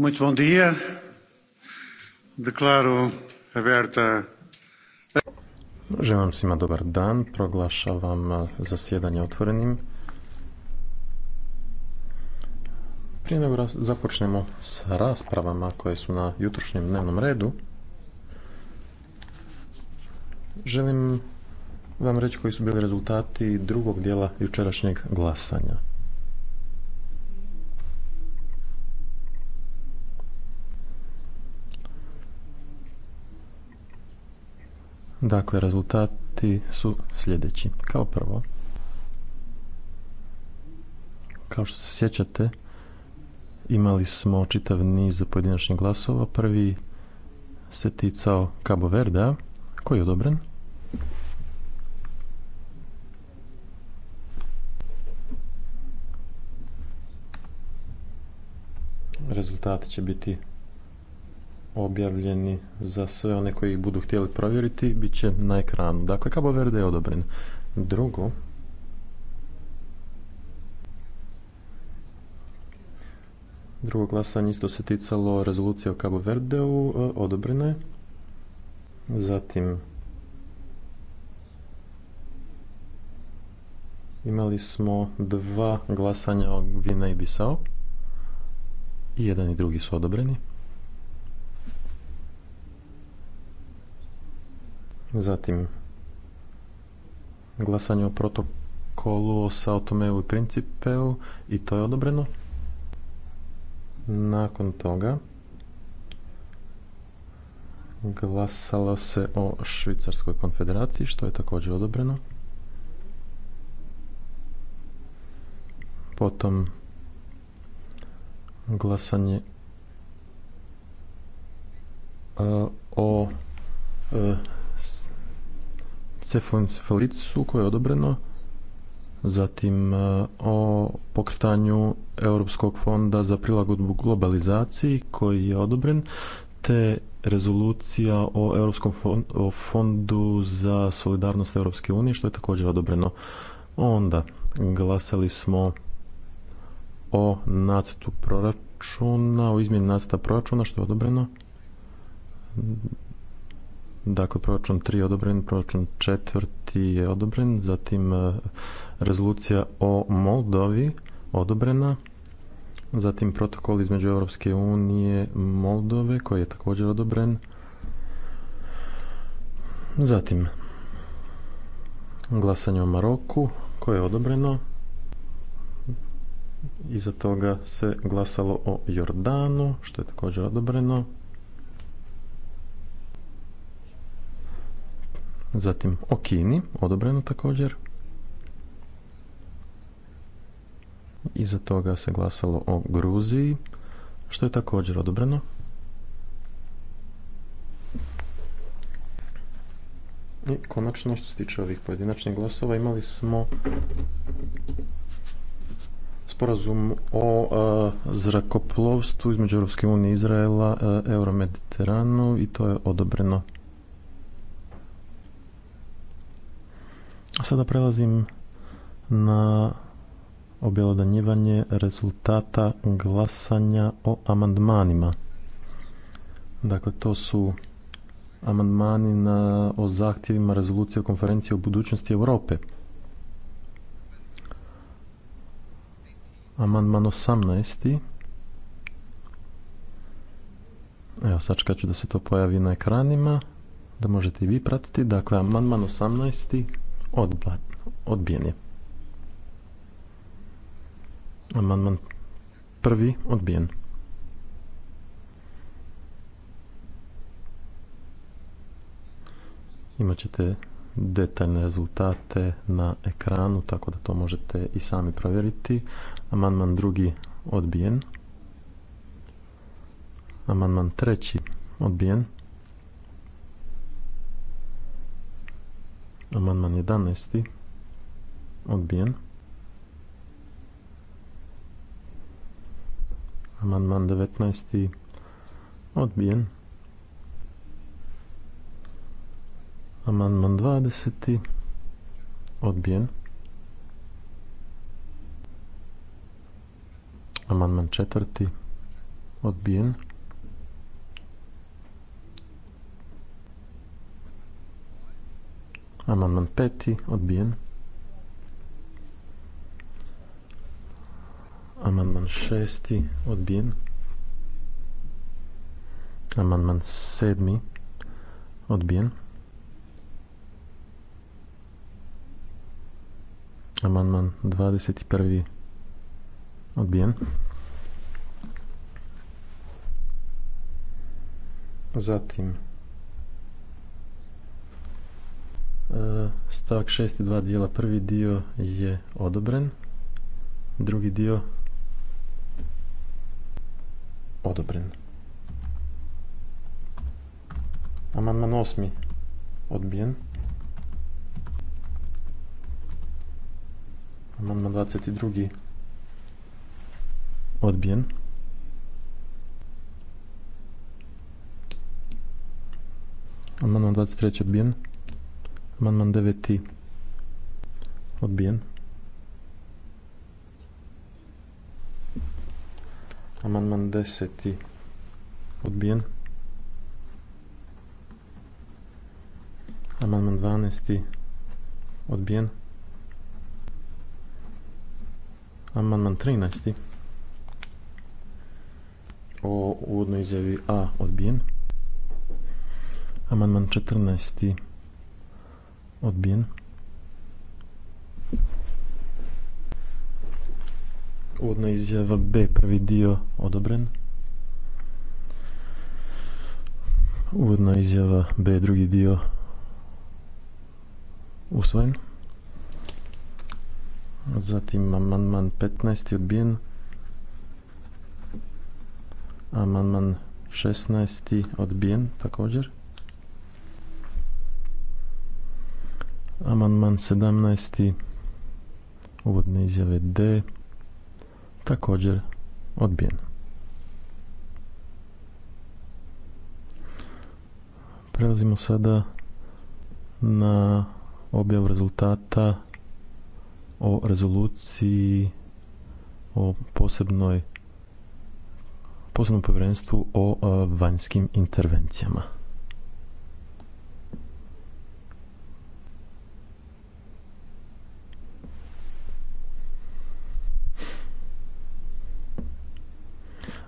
Muito bom dia. Deklaro aberta. Želim vam svima dobar dan. Proglašavam eh, zasjedanje otvorenim. Prije nego započnemo s raspravama koje su na jutrošnjem dnevnom redu, želim vam reći koji su bili rezultati drugog dijela jučerašnjeg glasanja. Dakle, rezultati su sljedeći. Kao prvo, kao što se sjećate, imali smo čitav niz pojedinačnih glasova. Prvi se ticao Cabo Verdea, koji je odobren. Rezultati će biti objavljeni za sve one koji ih budu htjeli provjeriti, bit će na ekranu. Dakle, Cabo Verde je odobren. Drugo, Drugo glasanje isto se ticalo rezolucije o Cabo Verdeu, e, odobreno je. Zatim, imali smo dva glasanja o Vina i Bisao. I jedan i drugi su odobreni. Zatim, glasanje o protokolu o Sautomeu i Principeu i to je odobreno. Nakon toga glasalo se o Švicarskoj konfederaciji, što je također odobreno. Potom glasanje e, o e, cefaloncefalitisu koje je odobreno, zatim e, o pokretanju Europskog fonda za prilagodbu globalizaciji koji je odobren, te rezolucija o Europskom fondu za solidarnost Europske unije što je također odobreno. Onda glasali smo o nacrtu proračuna, o izmjeni nacrta proračuna što je odobreno. Dakle, proračun 3 je odobren, proračun 4 je odobren, zatim e, rezolucija o Moldovi odobrena, zatim protokol između Europske unije Moldove koji je također odobren. Zatim glasanje o Maroku koje je odobreno. Iza toga se glasalo o Jordanu što je također odobreno. Zatim o Kini, odobreno također. Iza toga se glasalo o Gruziji, što je također odobreno. I konačno što se tiče ovih pojedinačnih glasova imali smo sporazum o e, zrakoplovstvu između Europske i Izraela, euro Euromediteranu i to je odobreno. Sada prelazim na objelodanjivanje rezultata glasanja o amandmanima. Dakle, to su amandmani na, o zahtjevima rezolucije o konferenciji o budućnosti Europe. Amandman 18. Evo, čekat ću da se to pojavi na ekranima, da možete i vi pratiti. Dakle, amandman 18 odbijen je. Amandman prvi odbijen. Imat ćete detaljne rezultate na ekranu, tako da to možete i sami provjeriti. Amandman drugi odbijen. Amandman treći odbijen. Amandman 11. Odbijen. Amandman 19. Odbijen. Amandman 20. Odbijen. Amandman 4. Odbijen. Amandman peti, odbijen. Amandman šesti, odbijen. Amandman sedmi, odbijen. Amandman prvi, odbijen. Zatim Stavak 6 i 2 dijela. Prvi dio je odobren. Drugi dio odobren. Amandman 8 odbijen. Amandman 22. odbijen. Amandman 23. odbijen. Amandman 9. Odbijen. Amandman 10. Odbijen. Amandman 12. Odbijen. Amandman 13. O uvodnoj izjavi A odbijen. Amandman 14. Odbijen. Uvodna izjava B, prvi dio, odobren. Uvodna izjava B, drugi dio, usvojen. Zatim amandman 15 odbijen. Amandman 16 odbijen također. Amandman 17. Uvodne izjave D. Također odbijen. Prelazimo sada na objav rezultata o rezoluciji o posebnoj posebnom povjerenstvu o e, vanjskim intervencijama.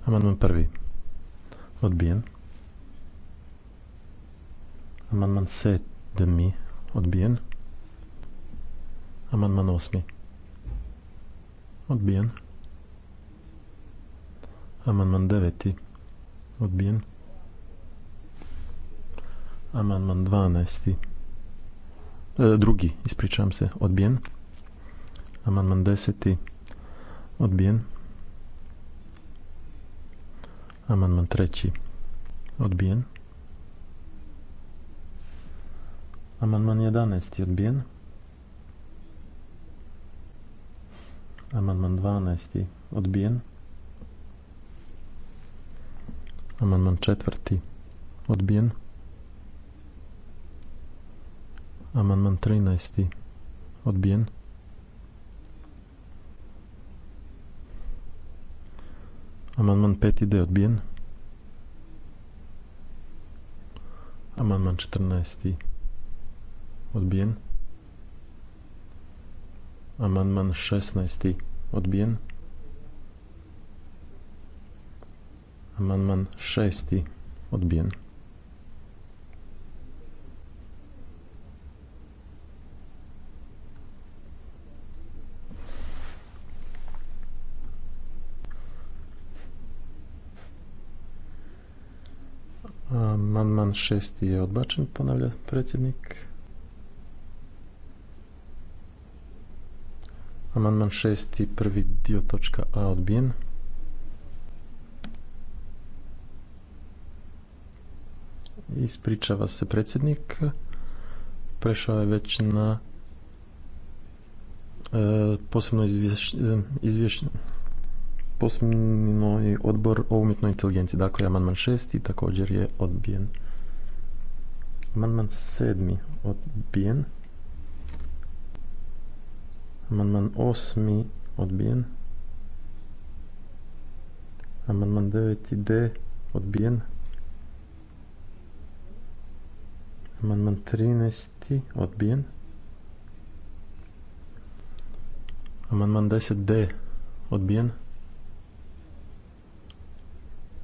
Amandman prvi. Odbijen. Amandman sedmi. Odbijen. Amandman osmi. Odbijen. Amandman deveti. Odbijen. Amandman dvanesti. E, drugi, ispričam se, odbijen. Amandman deseti. Odbijen. Amandman treći. Odbijen. Amandman 11. Odbijen. Amandman 12. Odbijen. Amandman četvrti. Odbijen. Amandman 13. Odbijen. Amandman 5 ide odbijen. Amandman 14. odbijen. Amandman 16. odbijen. Amandman 6. odbijen. Amandman šesti je odbačen, ponavlja predsjednik. Amandman šesti, prvi dio točka A odbijen. Ispričava se predsjednik. Prešao je već na e, posebno izvješće, e, izvješće posljednji odbor o umjetnoj inteligenciji. Dakle, amandman šesti također je odbijen. Amandman sedmi odbijen. Amandman osmi odbijen. Amandman deveti D odbijen. Amandman 13. odbijen. Amandman 10D odbijen.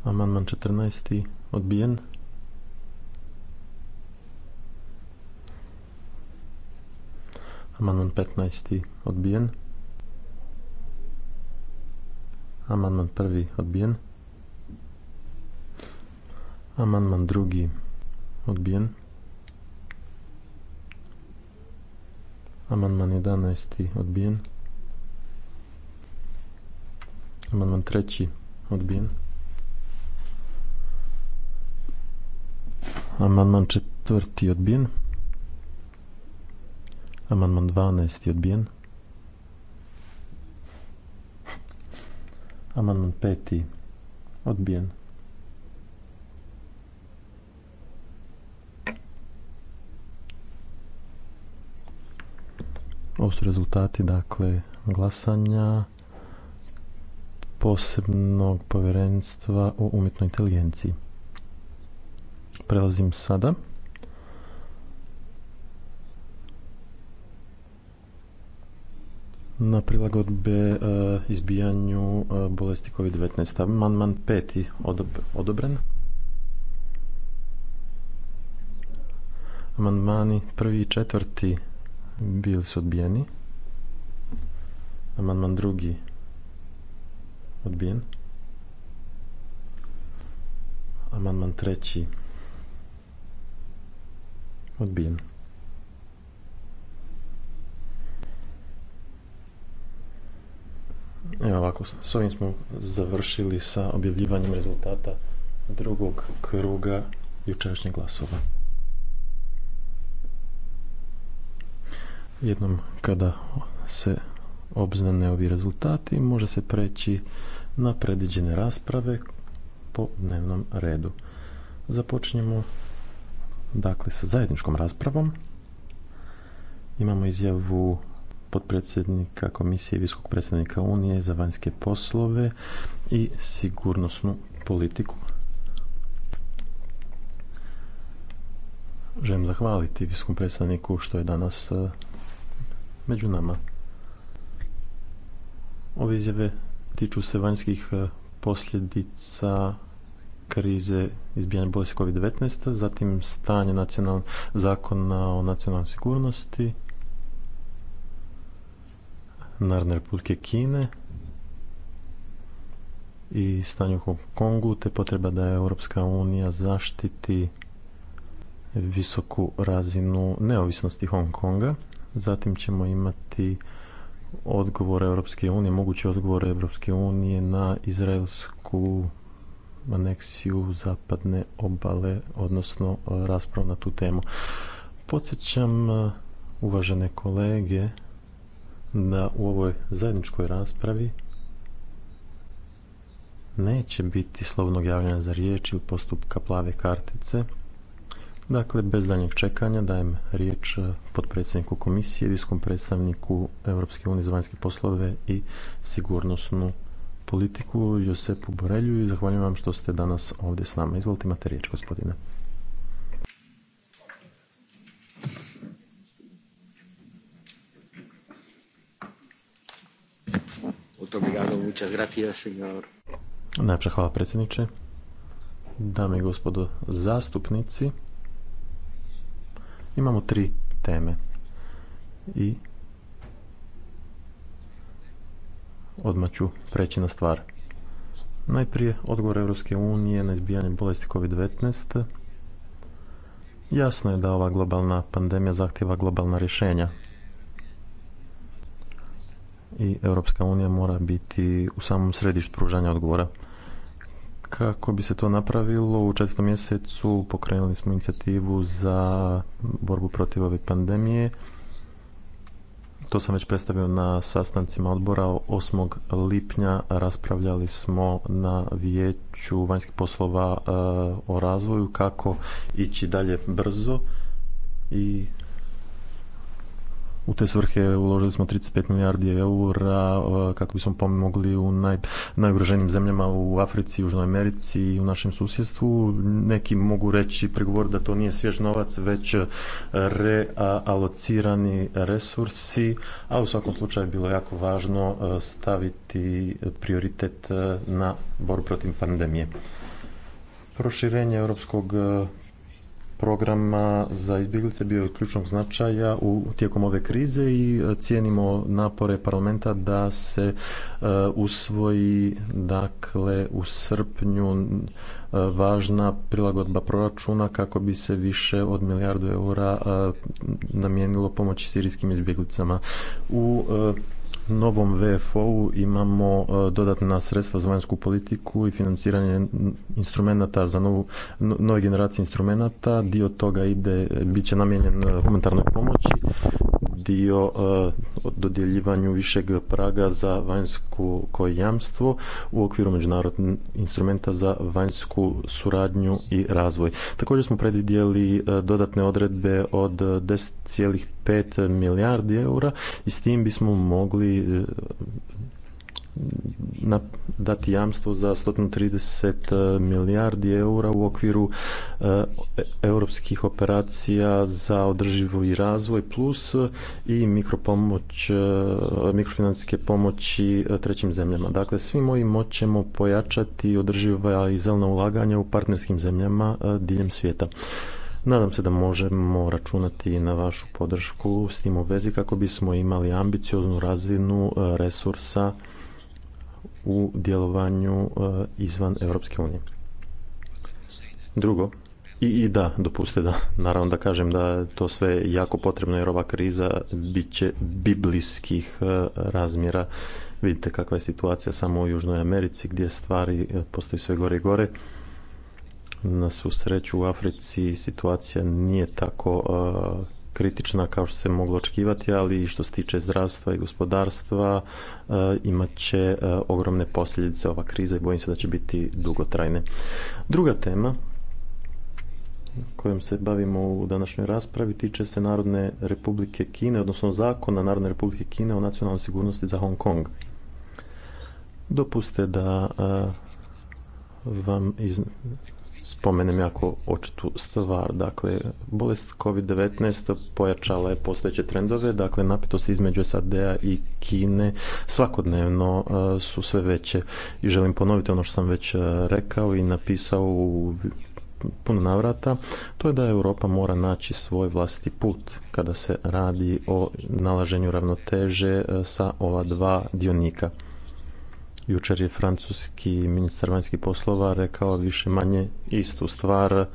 Amandman 14. odbijen. Amandman 15. odbijen. Amandman 1. odbijen. Amandman 2. odbijen. Amandman 11. odbijen. Amandman 3. odbijen. Amandman četvrti odbijen. Amandman 12. odbijen. Amandman 5. odbijen. Ovo su rezultati, dakle, glasanja posebnog povjerenstva o umjetnoj inteligenciji prelazim sada na prilagodbe e, izbijanju e, bolesti COVID-19. Amandman peti odobren. Amandmani prvi i četvrti bili su odbijeni. Amandman drugi odbijen. Amandman treći Odbijen. Evo ovako, s ovim smo završili sa objavljivanjem rezultata drugog kruga jučerašnjih glasova. Jednom kada se obznane ovi rezultati, može se preći na predviđene rasprave po dnevnom redu. Započnemo Dakle, sa zajedničkom raspravom imamo izjavu potpredsjednika Komisije Visokog predstavnika Unije za vanjske poslove i sigurnosnu politiku. Želim zahvaliti Viskom predstavniku što je danas e, među nama. Ove izjave tiču se vanjskih e, posljedica krize izbijanja bolesti COVID-19, zatim stanje nacional, zakona o nacionalnoj sigurnosti Narodne republike Kine i stanje u Hong Kongu, te potreba da je Europska unija zaštiti visoku razinu neovisnosti Hong Konga. Zatim ćemo imati odgovore Europske unije, moguće odgovore Europske unije na izraelsku aneksiju zapadne obale, odnosno e, raspravu na tu temu. Podsjećam e, uvažene kolege da u ovoj zajedničkoj raspravi neće biti slobodnog javljanja za riječ ili postupka plave kartice. Dakle, bez daljnjeg čekanja dajem riječ e, potpredsjedniku komisije, viskom predstavniku Europske unije za vanjske poslove i sigurnosnu politiku Josepu Borelju i zahvaljujem vam što ste danas ovdje s nama. Izvolite, imate riječ, gospodine. Najpša hvala predsjedniče. Dame i gospodo zastupnici, imamo tri teme i Odmah ću preći na stvar. Najprije odgovor Europske unije na izbijanje bolesti COVID-19. Jasno je da ova globalna pandemija zahtjeva globalna rješenja. I Europska unija mora biti u samom središtu pružanja odgovora. Kako bi se to napravilo, u četvrtom mjesecu pokrenuli smo inicijativu za borbu protiv ove pandemije to sam već predstavio na sastancima odbora 8. lipnja raspravljali smo na vijeću vanjskih poslova e, o razvoju kako ići dalje brzo i u te svrhe uložili smo 35 milijardi eura e, kako bismo pomogli u naj, najugroženijim zemljama u Africi, Južnoj Americi i u našem susjedstvu. Neki mogu reći, pregovor da to nije svjež novac, već e, realocirani resursi, a u svakom slučaju je bilo jako važno e, staviti prioritet na boru protiv pandemije proširenje europskog programa za izbjeglice bio je ključnog značaja u, tijekom ove krize i e, cijenimo napore parlamenta da se e, usvoji dakle u srpnju e, važna prilagodba proračuna kako bi se više od milijardu eura namijenilo pomoći sirijskim izbjeglicama. U novom VFO-u imamo e, dodatna sredstva za vanjsku politiku i financiranje instrumenata za novu, nove generacije instrumenata. Dio toga ide, bit će namijenjen e, humanitarnoj pomoći dio e, o dodjeljivanju višeg praga za vanjsko jamstvo u okviru međunarodnog instrumenta za vanjsku suradnju i razvoj. Također smo predvidjeli e, dodatne odredbe od 10,5 milijardi eura i s tim bismo mogli e, dati jamstvo za 130 e, milijardi eura u okviru e, europskih operacija za i razvoj plus e, i mikropomoć, mikrofinancijske pomoći trećim zemljama. Dakle, svimo moći ćemo pojačati održiva i zelena ulaganja u partnerskim zemljama diljem svijeta. Nadam se da možemo računati na vašu podršku s tim u vezi kako bismo imali ambicioznu razinu resursa u djelovanju e, izvan Europske unije. Drugo, i, i da, dopuste da, naravno da kažem da to sve jako potrebno jer ova kriza bit će biblijskih e, razmjera. Vidite kakva je situacija samo u Južnoj Americi gdje stvari e, postaju sve gore i gore. Na svu sreću u Africi situacija nije tako kritična kao što se moglo očekivati, ali i što se tiče zdravstva i gospodarstva e, imat će e, ogromne posljedice ova kriza i bojim se da će biti dugotrajne. Druga tema kojom se bavimo u današnjoj raspravi tiče se Narodne republike Kine, odnosno zakona Narodne republike Kine o nacionalnoj sigurnosti za Hong Kong. Dopuste da e, vam iz, spomenem jako očitu stvar. Dakle, bolest COVID-19 pojačala je postojeće trendove, dakle napetosti između SAD-a i Kine svakodnevno e, su sve veće. I želim ponoviti ono što sam već e, rekao i napisao u puno navrata, to je da Europa mora naći svoj vlastiti put kada se radi o nalaženju ravnoteže e, sa ova dva dionika. Jučer je francuski ministar vanjskih poslova rekao više manje istu stvar.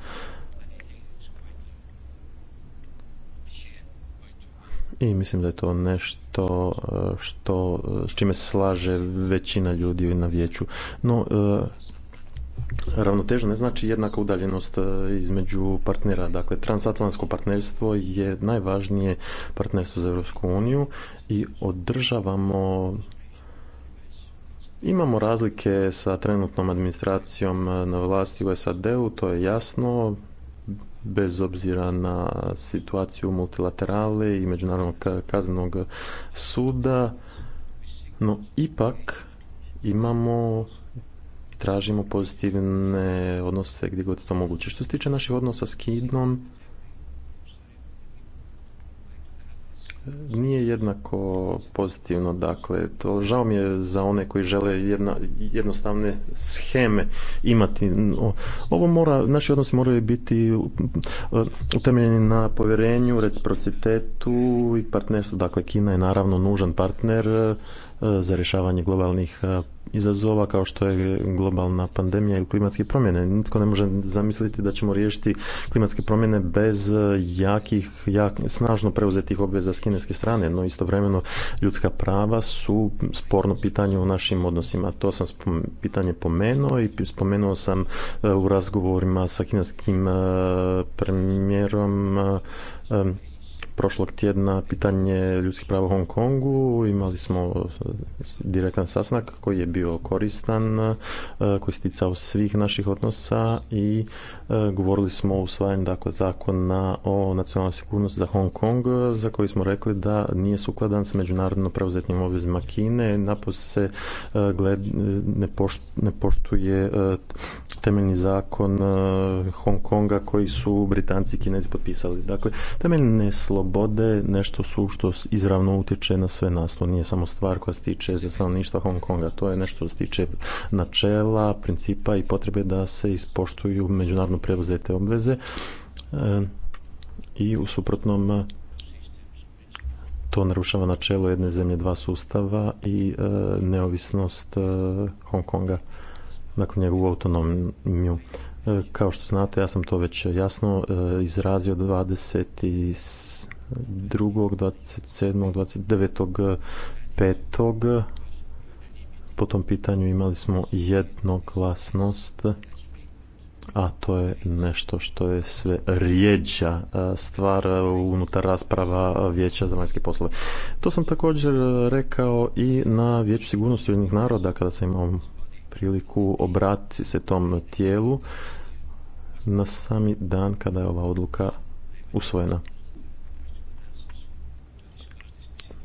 I mislim da je to nešto e, što, e, s čime se slaže većina ljudi na vijeću. No, e, Ravnoteža ne znači jednaka udaljenost između partnera. Dakle, transatlantsko partnerstvo je najvažnije partnerstvo za Europsku uniju i održavamo Imamo razlike sa trenutnom administracijom eh, na vlasti u SAD-u, to je jasno, bez obzira na situaciju multilaterale i Međunarodnog kaznenog suda, no ipak imamo tražimo pozitivne odnose gdje god je to moguće. Što se tiče naših odnosa s Kinom, nije jednako pozitivno. Dakle, to žao mi je za one koji žele jedna, jednostavne scheme imati. Ovo mora, naši odnosi moraju biti uh, utemeljeni na povjerenju, reciprocitetu i partnerstvu. Dakle, Kina je naravno nužan partner za rješavanje globalnih izazova kao što je globalna pandemija ili klimatske promjene. Nitko ne može zamisliti da ćemo riješiti klimatske promjene bez jakih, jak, snažno preuzetih obveza s kineske strane, no istovremeno ljudska prava su sporno pitanje u našim odnosima. To sam pitanje pomenuo i spomenuo sam u razgovorima sa kineskim premijerom prošlog tjedna pitanje ljudskih prava u Hong Kongu. Imali smo e, direktan sastanak koji je bio koristan, e, koji sticao svih naših odnosa i e, govorili smo o usvajanju dakle, zakona o nacionalnoj sigurnosti za Hong Kong, za koji smo rekli da nije sukladan sa međunarodno preuzetnim obvezima Kine. Napos se gled, ne, poštuje temeljni zakon Hong Konga koji su Britanci i Kinezi potpisali. Dakle, temeljne slobode slobode nešto su što izravno utječe na sve nas. To nije samo stvar koja se tiče stanovništva Hong Konga. To je nešto što se tiče načela, principa i potrebe da se ispoštuju međunarodno preuzete obveze e, i u suprotnom to narušava načelo jedne zemlje, dva sustava i e, neovisnost e, Hong Konga, dakle njegovu autonomiju. Kao što znate, ja sam to već jasno izrazio 20. 2. 27. 29. Po tom pitanju imali smo jednoglasnost, a to je nešto što je sve rijeđa stvar unutar rasprava Vijeća za vanjske poslove. To sam također rekao i na Vijeću sigurnosti jednih naroda kada sam imao priliku obratiti se tom tijelu na sami dan kada je ova odluka usvojena.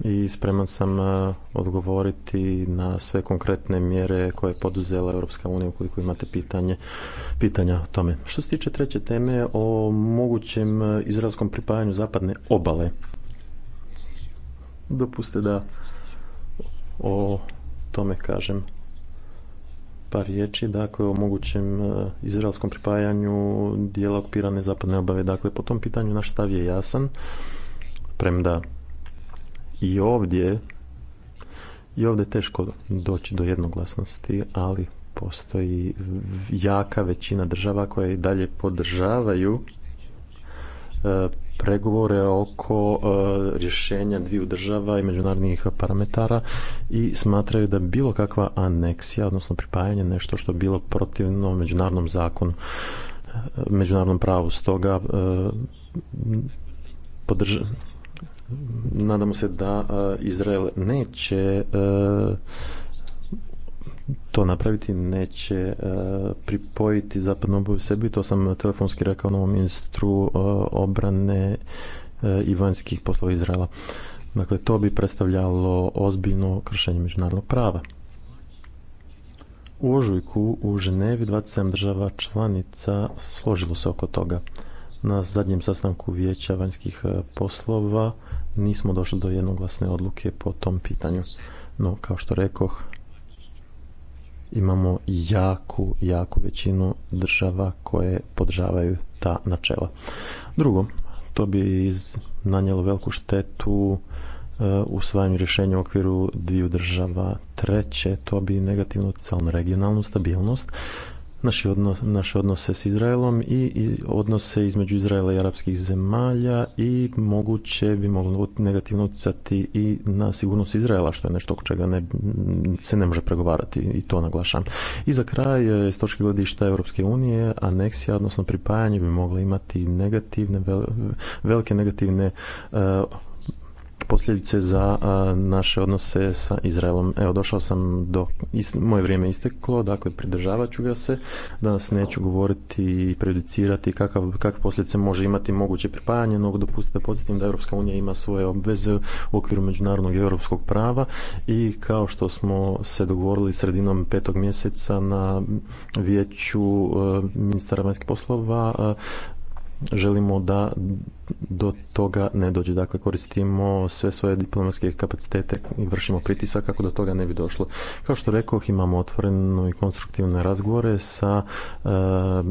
i spreman sam e, odgovoriti na sve konkretne mjere koje je poduzela Europska unija ukoliko imate pitanje, pitanja o tome. Što se tiče treće teme o mogućem e, izraelskom pripajanju zapadne obale, dopuste da o tome kažem par riječi, dakle o mogućem e, izraelskom pripajanju dijela okupirane zapadne obave. Dakle, po tom pitanju naš stav je jasan, premda i ovdje i ovdje je teško doći do jednoglasnosti, ali postoji jaka većina država koje i dalje podržavaju e, pregovore oko e, rješenja dviju država i međunarodnih parametara i smatraju da bilo kakva aneksija, odnosno pripajanje nešto što je bilo protivno međunarodnom zakonu, e, međunarodnom pravu. Stoga podržavaju nadamo se da e, Izrael neće e, to napraviti, neće e, pripojiti zapadnu obavu sebi. To sam telefonski rekao novom ministru obrane i vanjskih poslova Izraela. Dakle, to bi predstavljalo ozbiljno kršenje međunarodnog prava. U ožujku u Ženevi 27 država članica složilo se oko toga na zadnjem sastanku vijeća vanjskih e, poslova nismo došli do jednoglasne odluke po tom pitanju. No, kao što rekoh, imamo jaku, jaku većinu država koje podržavaju ta načela. Drugo, to bi nanijelo veliku štetu e, usvajanju rješenja u okviru dviju država. Treće, to bi negativno utjecalo na regionalnu stabilnost naše, naše odnose s Izraelom i, odnose između Izraela i arapskih zemalja i moguće bi moglo negativno utjecati i na sigurnost Izraela, što je nešto oko čega ne, se ne može pregovarati i to naglašam. I za kraj, e, s točke gledišta Europske unije, aneksija, odnosno pripajanje bi mogla imati negativne, velike negativne uh, posljedice za naše odnose sa Izraelom. Evo, došao sam do, moje vrijeme isteklo, dakle pridržavat ću ga se. Danas neću govoriti i prejudicirati kakav, kakve posljedice može imati moguće pripajanje, no dopustite podsjetim da Europska unija ima svoje obveze u okviru međunarodnog i europskog prava i kao što smo se dogovorili sredinom petog mjeseca na vijeću e, ministara vanjskih poslova e, želimo da do toga ne dođe. Dakle, koristimo sve svoje diplomatske kapacitete i vršimo pritisak kako do toga ne bi došlo. Kao što rekao, imamo otvoreno i konstruktivne razgovore sa e,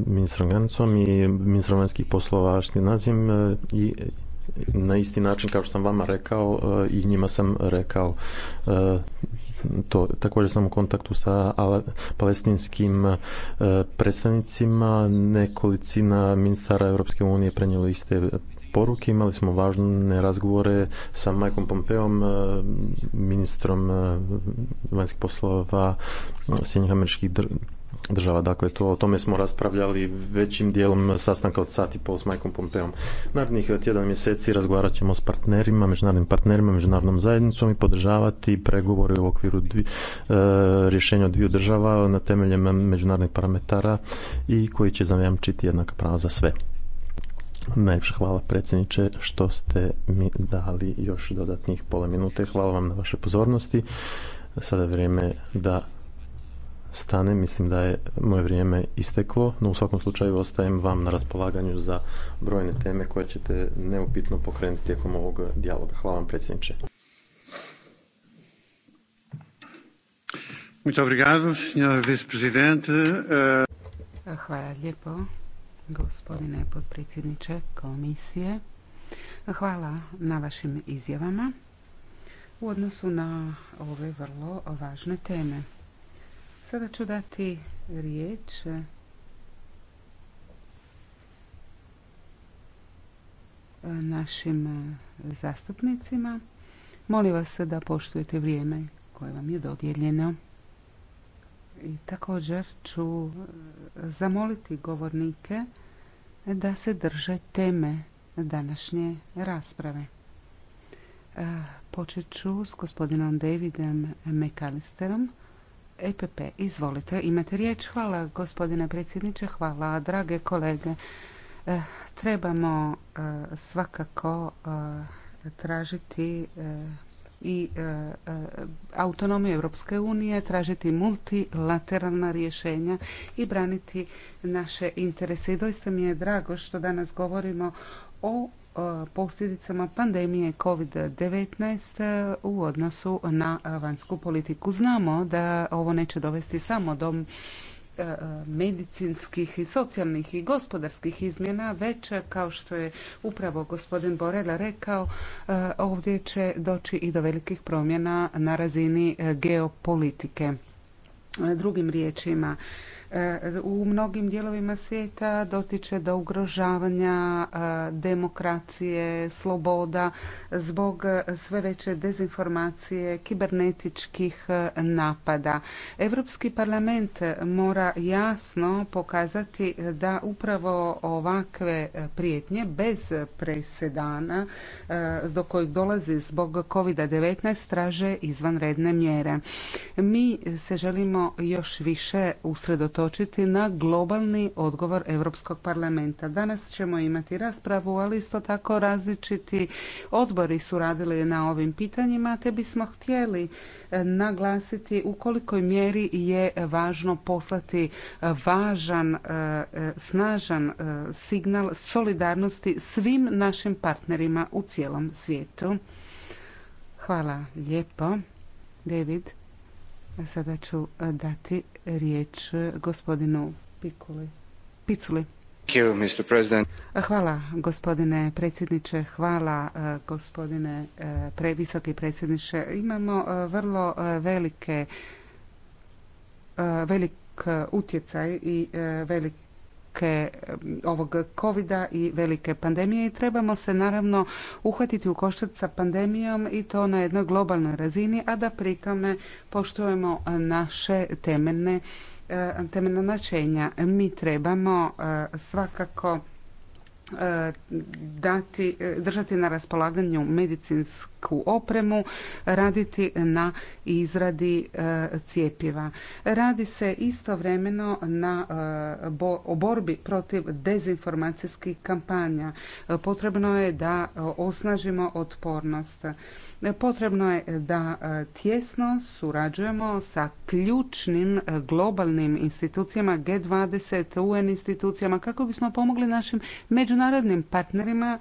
ministrom Granicom i ministrom vanjskih poslova Nazim e, i na isti način kao što sam vama rekao e, i njima sam rekao to, također sam u kontaktu sa palestinskim e, predstavnicima, nekolicina ministara Europske unije prenijelo iste poruke. Imali smo važne razgovore sa Majkom Pompeom, e, ministrom e, vanjskih poslova Sjednjih američkih država. Dakle, to, o tome smo raspravljali većim dijelom sastanka od sati pol s Majkom Pompeom. Narednih eh, tjedan mjeseci razgovarat ćemo s partnerima, međunarodnim partnerima, međunarodnom zajednicom i podržavati pregovore u okviru dvi, e, rješenja dviju država na temeljem međunarodnih parametara i koji će zajamčiti jednaka prava za sve. Najviše hvala predsjedniče što ste mi dali još dodatnih pola minute. Hvala vam na vaše pozornosti. Sada je vrijeme da stane. Mislim da je moje vrijeme isteklo, no u svakom slučaju ostajem vam na raspolaganju za brojne teme koje ćete neupitno pokrenuti tijekom ovog dijaloga. Hvala vam predsjedniče. Muito obrigado, Hvala lijepo, gospodine podpredsjedniče komisije. Hvala na vašim izjavama u odnosu na ove vrlo važne teme. Sada ću dati riječ našim zastupnicima. Molim vas da poštujete vrijeme koje vam je dodijeljeno. I također ću zamoliti govornike da se drže teme današnje rasprave. Počet ću s gospodinom Davidem McAllisterom EPP. Izvolite, imate riječ. Hvala gospodine predsjedniče, hvala drage kolege. E, trebamo e, svakako e, tražiti i autonomiju Europske unije, tražiti multilateralna rješenja i braniti naše interese. I doista mi je drago što danas govorimo o posljedicama pandemije COVID-19 e, u odnosu na e, vanjsku politiku. Znamo da ovo neće dovesti samo do e, medicinskih i socijalnih i gospodarskih izmjena, već kao što je upravo gospodin Borela rekao, ovdje će doći i do velikih promjena na razini geopolitike. Drugim riječima, E, u mnogim dijelovima svijeta dotiče do ugrožavanja e, demokracije, sloboda zbog e, sve veće dezinformacije, kibernetičkih napada. Europski parlament mora jasno pokazati da upravo ovakve prijetnje bez presedana do kojih dolazi zbog COVID-19 traže izvanredne mjere. Mi se želimo još više usredotočiti usredotočiti na globalni odgovor Europskog parlamenta. Danas ćemo imati raspravu, ali isto tako različiti odbori su radili na ovim pitanjima, te bismo htjeli e, naglasiti u kolikoj mjeri je važno poslati važan, e, e, snažan signal solidarnosti svim našim partnerima u cijelom svijetu. Hvala lijepo, David. Sada ću dati riječ gospodinu Pikuli. Piculi. Hvala gospodine predsjedniče, hvala e, gospodine e, previsoki predsjedniče. Imamo e, vrlo velike velik utjecaj i velik velike ovog covida i velike pandemije i trebamo se naravno uhvatiti u koštac sa pandemijom i to na jednoj globalnoj razini, a da pri tome poštujemo e, naše temeljne e, temeljna načenja. Mi trebamo e, svakako dati, držati na raspolaganju medicinske opremu raditi na izradi e, cijepiva. Radi se istovremeno na e, borbi protiv dezinformacijskih kampanja. Potrebno je da osnažimo otpornost. Potrebno je da e, tjesno surađujemo sa ključnim globalnim institucijama G20, UN institucijama kako bismo pomogli našim međunarodnim partnerima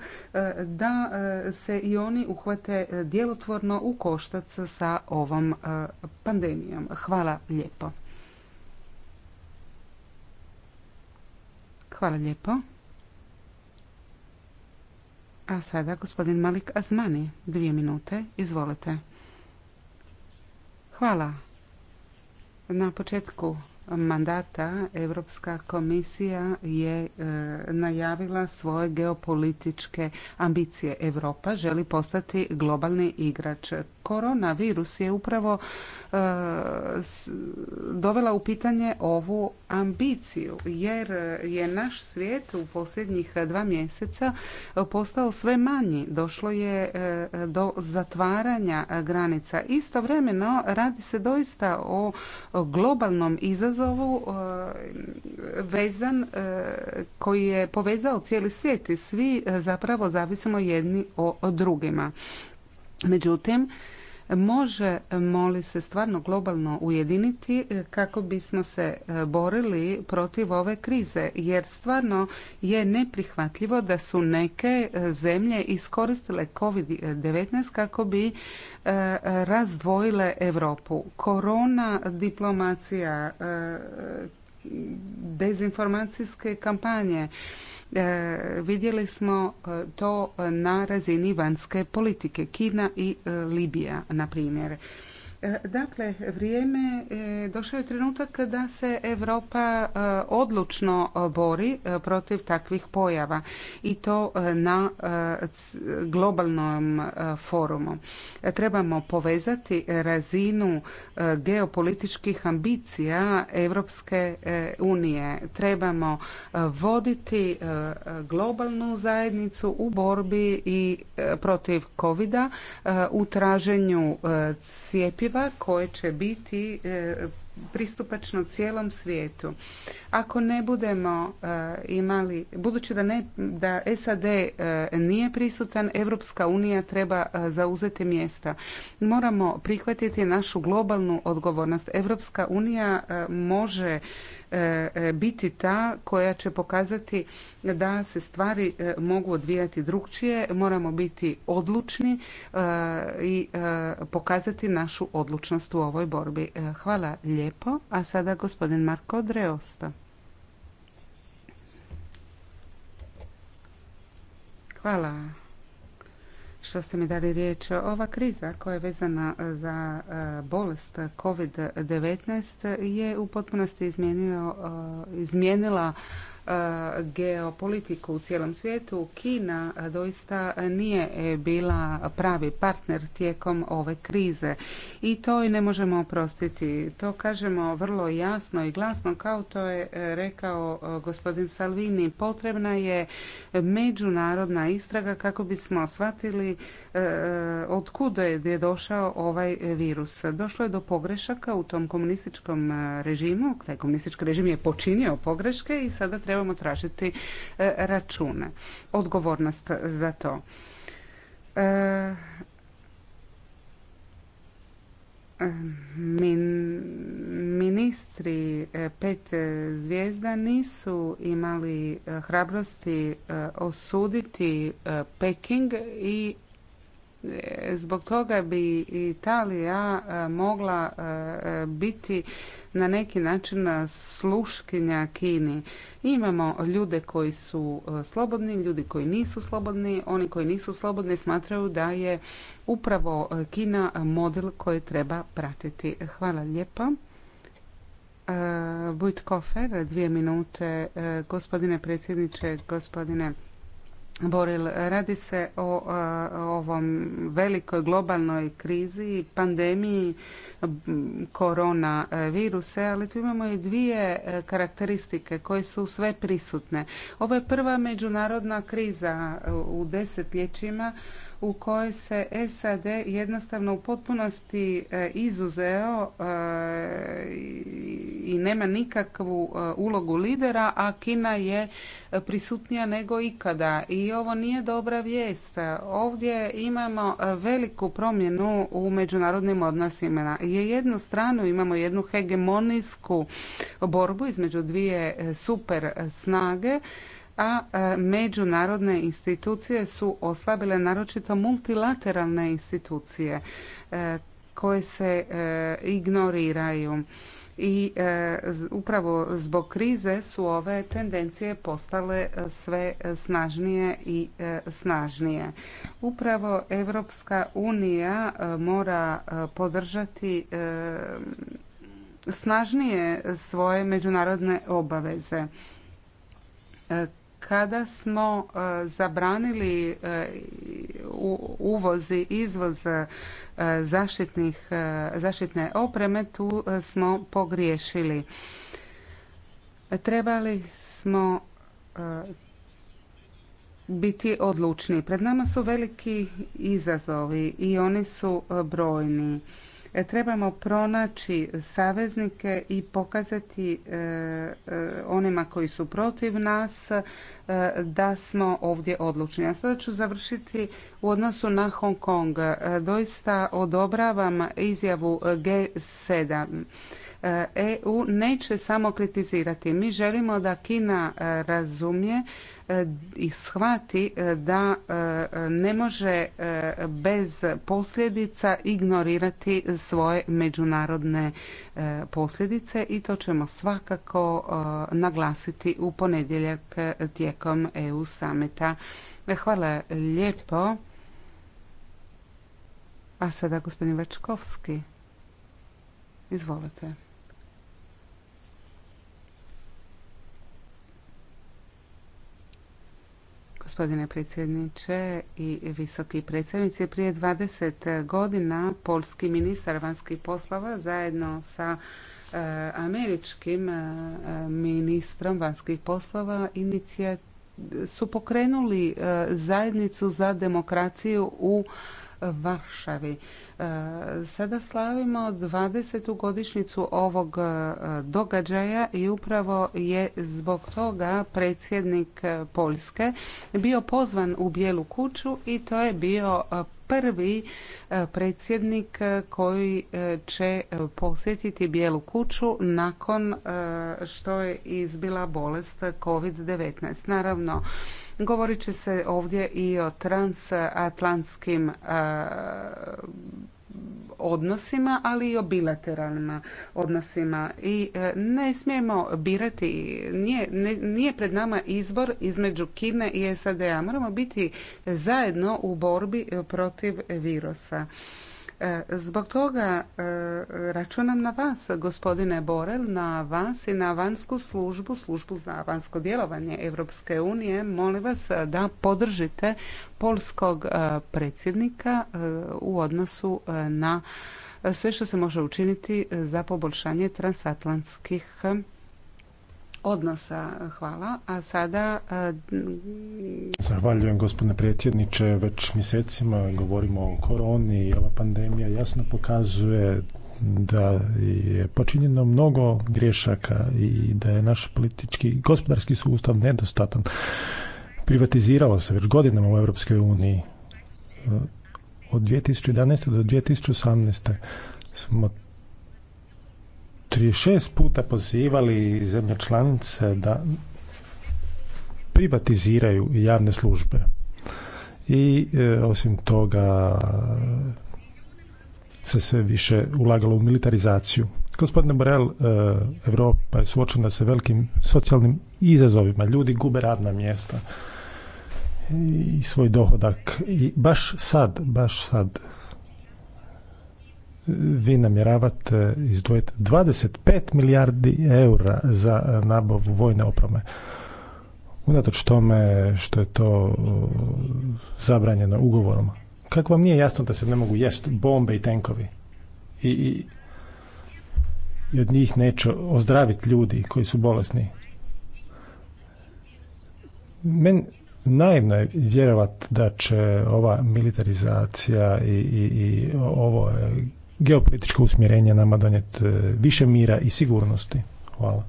da se i oni uhvate E, djelotvorno u koštac sa ovom e, pandemijom. Hvala lijepo. Hvala lijepo. A sada gospodin Malik Azmani, dvije minute, izvolite. Hvala. Na početku mandata Europska komisija je e, najavila svoje geopolitičke ambicije. Europa želi postati globalni igrač. Koronavirus je upravo e, dovela u pitanje ovu ambiciju jer je naš svijet u posljednjih dva mjeseca postao sve manji. Došlo je e, do zatvaranja granica. Istovremeno radi se doista o globalnom izazovu e, vezan koji je povezao cijeli svijet i svi zapravo zavisimo jedni o drugima. Međutim, može, e, moli se stvarno globalno ujediniti e, kako bismo se e, borili protiv ove krize jer stvarno je neprihvatljivo da su neke zemlje iskoristile COVID-19 kako bi razdvojile Europu. Korona diplomacija dezinformacijske kampanje E, vidjeli smo e, to na razini vanjske politike. Kina i e, Libija, na primjer. E, dakle, vrijeme, e, došao je trenutak da se Europa e, odlučno bori protiv takvih pojava i to na globalnom forumu. Trebamo povezati razinu geopolitičkih ambicija Europske unije. Trebamo voditi globalnu zajednicu u borbi i protiv covid u traženju cijepi cjepiva koje će biti e, pristupačno cijelom svijetu. Ako ne budemo e, imali, budući da, ne, da SAD e, nije prisutan, Europska unija treba zauzeti mjesta. Moramo prihvatiti našu globalnu odgovornost. Europska unija može E, e, biti ta koja će pokazati da se stvari e, mogu odvijati drugčije, moramo biti odlučni i pokazati našu odlučnost u ovoj borbi. Hvala lijepo, a sada gospodin Marko Dreosta. Hvala što ste mi dali riječ. Ova kriza koja je vezana za e, bolest COVID-19 je u potpunosti e, izmijenila geopolitiku u cijelom svijetu, Kina doista nije bila pravi partner tijekom ove krize i to i ne možemo oprostiti. To kažemo vrlo jasno i glasno kao to je e, rekao e, gospodin Salvini. Potrebna je međunarodna istraga kako bismo shvatili e, od kuda je došao ovaj virus. Došlo je do pogrešaka u tom komunističkom režimu, taj komunistički režim je počinio pogreške i sada treba trebamo tražiti e, račune, odgovornost za to. E, e, ministri pet zvijezda nisu imali hrabrosti osuditi Peking i zbog toga bi Italija e, mogla e, e, biti na neki način sluškinja Kini. Imamo ljude koji su slobodni, ljudi koji nisu slobodni, oni koji nisu slobodni smatraju da je upravo Kina model koji treba pratiti. Hvala lijepa. Bujt Kofer, dvije minute. Gospodine predsjedniče, gospodine Boril, radi se o, o e, ovom velikoj globalnoj krizi, pandemiji korona viruse, ali tu imamo i dvije e, karakteristike koje su sve prisutne. Ovo je prva međunarodna kriza e, u desetljećima u kojoj se SAD jednostavno u potpunosti e, izuzeo e, i nema nikakvu e, ulogu lidera, a Kina je prisutnija nego ikada. I ovo nije dobra vijest. Ovdje imamo veliku promjenu u međunarodnim odnosima. Je jednu stranu imamo jednu hegemonijsku borbu između dvije super snage a e, međunarodne institucije su oslabile naročito multilateralne institucije e, koje se e, ignoriraju i upravo zbog krize su ove tendencije postale sve snažnije i snažnije. Upravo Europska unija mora podržati snažnije svoje međunarodne obaveze kada smo e, zabranili e, uvoz i izvoz e, zaštitnih, zaštitne opreme, tu smo pogriješili. Trebali smo biti odlučni. Pred nama su veliki izazovi i oni su brojni. E, trebamo pronaći saveznike i pokazati e, e, onima koji su protiv nas da smo ovdje odlučni. A sada ću završiti u odnosu na Hong Kong. Doista odobravam izjavu G7 E, EU neće samo kritizirati. Mi želimo da Kina e, razumije e, i shvati da ne može bez posljedica ignorirati svoje međunarodne posljedice i to ćemo svakako naglasiti u ponedjeljak tijekom EU sameta. Hvala lijepo. A sada gospodin Večkovski. Izvolite. Gospodine predsjedniče i visoki predsjednici, prije 20 godina polski ministar vanjskih poslova zajedno sa e, američkim e, ministrom vanjskih poslova su pokrenuli e, zajednicu za demokraciju u Varšavi. E, sada slavimo 20. godišnicu ovog e, događaja i upravo je zbog toga predsjednik e, Poljske bio pozvan u Bijelu kuću i to je bio prvi predsjednik koji će posjetiti Bijelu kuću nakon što je izbila bolest COVID-19. Naravno, Govorit će se ovdje i o transatlantskim e, odnosima, ali i o bilateralnim odnosima. I e, ne smijemo birati, nije, nije pred nama izbor između Kine i SAD-a. Moramo biti zajedno u borbi e, protiv virusa. E, zbog toga e, računam na vas, gospodine Borel, na vas i na vanjsku službu, službu za vanjsko djelovanje Europske unije. Molim vas da podržite polskog e, predsjednika u odnosu na sve što se može učiniti za poboljšanje transatlantskih odnosa. Hvala. A sada... E, Zahvaljujem gospodine predsjedniče. Već mjesecima govorimo o koroni i ova pandemija jasno pokazuje da je počinjeno mnogo grešaka i da je naš politički gospodarski sustav nedostatan. Privatiziralo se već godinama u Europskoj uniji. Od 2011. do 2018. smo 36 puta pozivali zemlje članice da privatiziraju javne službe. I e, osim toga se sve više ulagalo u militarizaciju. Gospodine Borel, Europa je suočena sa velikim socijalnim izazovima. Ljudi gube radna mjesta i svoj dohodak. I baš sad, baš sad vi namjeravate izdvojiti 25 milijardi eura za e, nabavu vojne opreme. Unatoč tome što je to e, zabranjeno ugovorom. Kako vam nije jasno da se ne mogu jest bombe i tenkovi? I, i, i od njih neće ozdraviti ljudi koji su bolesni. Men, naivno je vjerovat da će ova militarizacija i, i, i ovo e, geopolitičko usmjerenje nama donijeti e, više mira i sigurnosti. Hvala.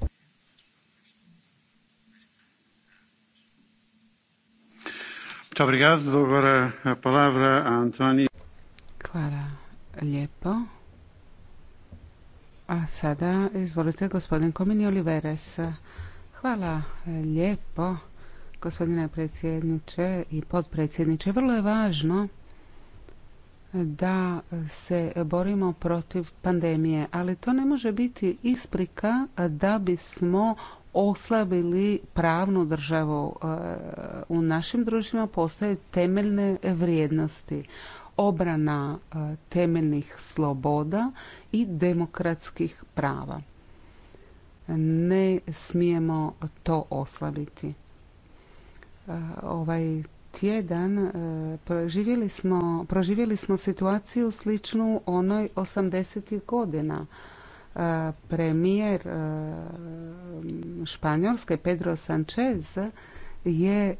Hvala lijepo. A sada izvolite gospodin Komini Oliveres. Hvala lijepo gospodine predsjedniče i potpredsjedniče. Vrlo je važno da se borimo protiv pandemije, ali to ne može biti isprika da bismo oslabili pravnu državu. E, u našim društvima postoje temeljne vrijednosti obrana e, temeljnih sloboda i demokratskih prava. Ne smijemo to oslabiti. E, ovaj tjedan e, proživjeli smo, smo situaciju sličnu onoj 80. godina. E, premijer e, Španjolske Pedro Sanchez je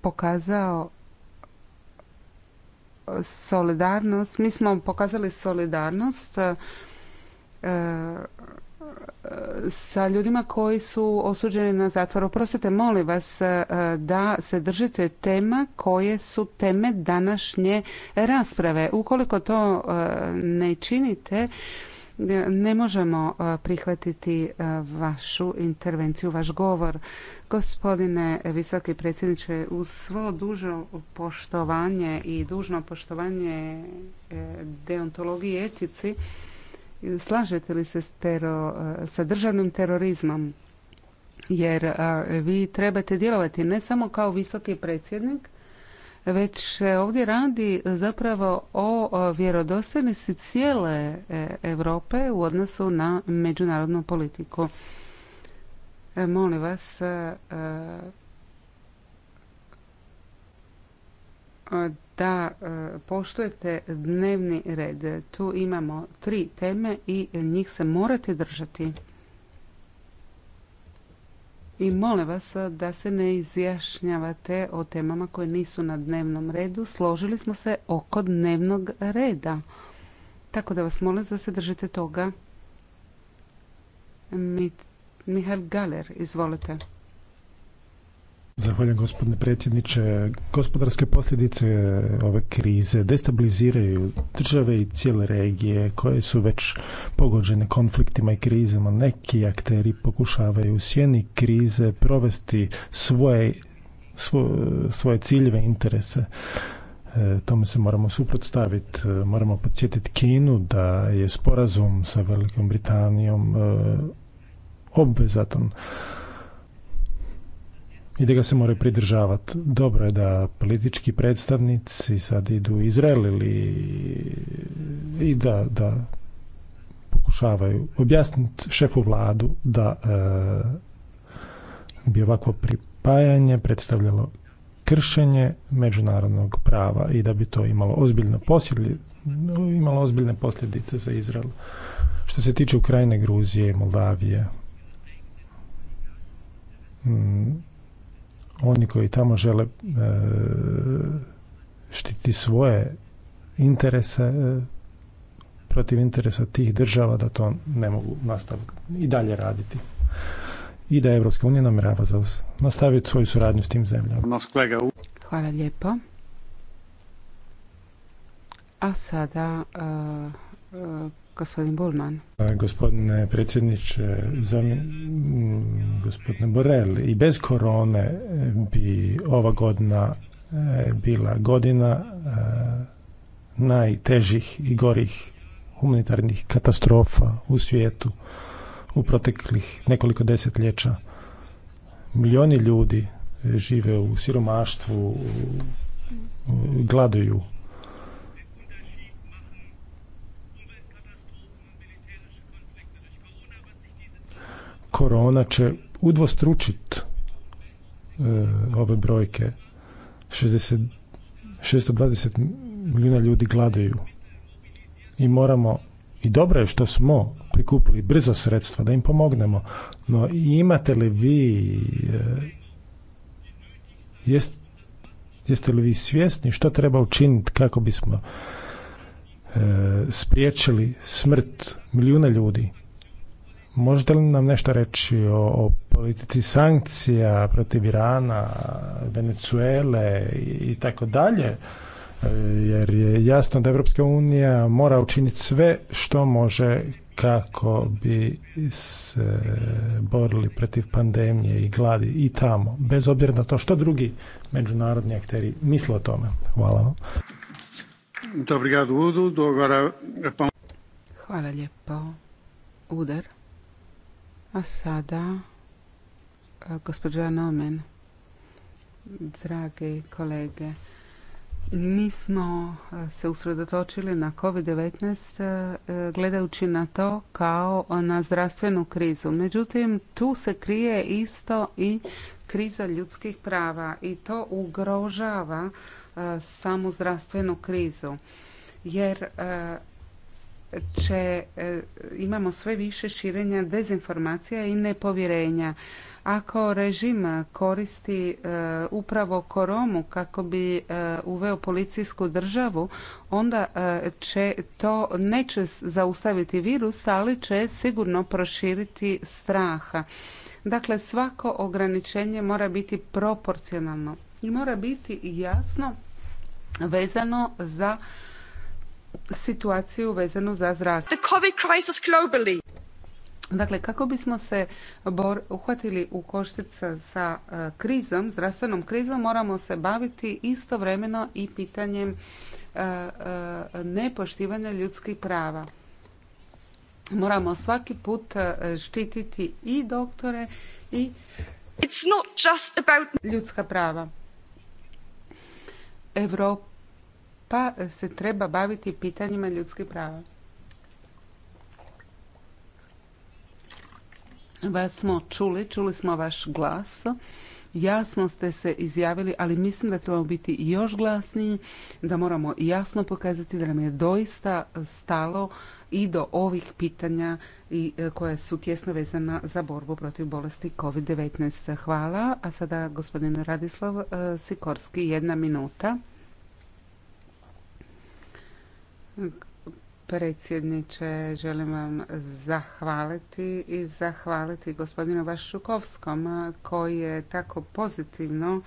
pokazao solidarnost. Mi smo pokazali solidarnost E, sa ljudima koji su osuđeni na zatvor. Oprostite, molim vas e, da se držite tema koje su teme današnje rasprave. Ukoliko to e, ne činite, ne možemo prihvatiti vašu intervenciju, vaš govor. Gospodine visoki predsjedniče, uz svo dužno poštovanje i dužno poštovanje deontologije i etici, slažete li se eh, sa državnim terorizmom? Jer eh, vi trebate djelovati ne samo kao visoki predsjednik, već ovdje radi zapravo o eh, vjerodostojnosti cijele Europe u odnosu na međunarodnu politiku. Molim vas, da e, poštujete dnevni red. Tu imamo tri teme i njih se morate držati. I molim vas da se ne izjašnjavate o temama koje nisu na dnevnom redu. Složili smo se oko dnevnog reda. Tako da vas molim da se držite toga. Mihael Galer, izvolite. Zahvaljujem gospodine predsjedniče. Gospodarske posljedice ove krize destabiliziraju države i cijele regije koje su već pogođene konfliktima i krizama. Neki akteri pokušavaju u sjeni krize provesti svoje, svo, svoje ciljeve, interese. E, tome se moramo suprotstaviti. E, moramo podsjetiti Kinu da je sporazum sa Velikom Britanijom e, obvezatan i da ga se moraju pridržavati. Dobro je da politički predstavnici sad idu u Izrael ili i da, da pokušavaju objasniti šefu vladu da e, bi ovako pripajanje predstavljalo kršenje međunarodnog prava i da bi to imalo ozbiljno posljedice, imalo ozbiljne posljedice za Izrael. Što se tiče Ukrajine, Gruzije, Moldavije, mm, oni koji tamo žele e, štiti svoje interese e, protiv interesa tih država da to ne mogu nastaviti i dalje raditi i da Evropska unija namjerava nastaviti svoju suradnju s tim zemljama. Hvala lijepo. A sada uh, Gospodin Bulman. Pa, gospodine predsjedniče, mm, gospodine Borel, i bez korone eh, bi ova godina eh, bila godina eh, najtežih i gorih humanitarnih katastrofa u svijetu u proteklih nekoliko desetljeća. Milioni ljudi žive u siromaštvu, gladuju, korona će udvostručit e, ove brojke. 60, 620 milijuna ljudi gladaju i moramo i dobro je što smo prikupili brzo sredstva da im pomognemo, no imate li vi e, jest, jeste li vi svjesni što treba učiniti kako bismo e, spriječili smrt milijuna ljudi Možete li nam nešto reći o, politici sankcija protiv Irana, Venezuele i tako dalje? E, jer je jasno da Evropska unija mora učiniti sve što može kako bi se borili protiv pandemije i gladi i tamo, bez obzira na to što drugi međunarodni akteri misle o tome. Hvala vam. Hvala lijepo. Udar. A sada e, gospođa Nomen, dragi kolege, mi smo e, se usredotočili na COVID-19 e, gledajući na to kao na zdravstvenu krizu. Međutim, tu se krije isto i kriza ljudskih prava i to ugrožava samu zdravstvenu krizu jer će e, imamo sve više širenja dezinformacija i nepovjerenja. Ako režim koristi e, upravo koromu kako bi e, uveo policijsku državu, onda će to neće zaustaviti virus, ali će sigurno proširiti straha. Dakle, svako ograničenje mora biti proporcionalno i mora biti jasno vezano za situaciju vezanu za zdravstvo. Dakle, kako bismo se bor uhvatili u koštica sa e, krizom, zdravstvenom krizom, moramo se baviti istovremeno i pitanjem e, e, nepoštivanja ljudskih prava. Moramo svaki put štititi i doktore i ljudska prava. Europa pa se treba baviti pitanjima ljudskih prava. Vas smo čuli, čuli smo vaš glas. Jasno ste se izjavili, ali mislim da trebamo biti još glasniji, da moramo jasno pokazati da nam je doista stalo i do ovih pitanja i e, koja su tjesno vezana za borbu protiv bolesti COVID-19. Hvala. A sada gospodin Radislav e, Sikorski, jedna minuta predsjedniče, želim vam zahvaliti i zahvaliti gospodinu Vašukovskom koji je tako pozitivno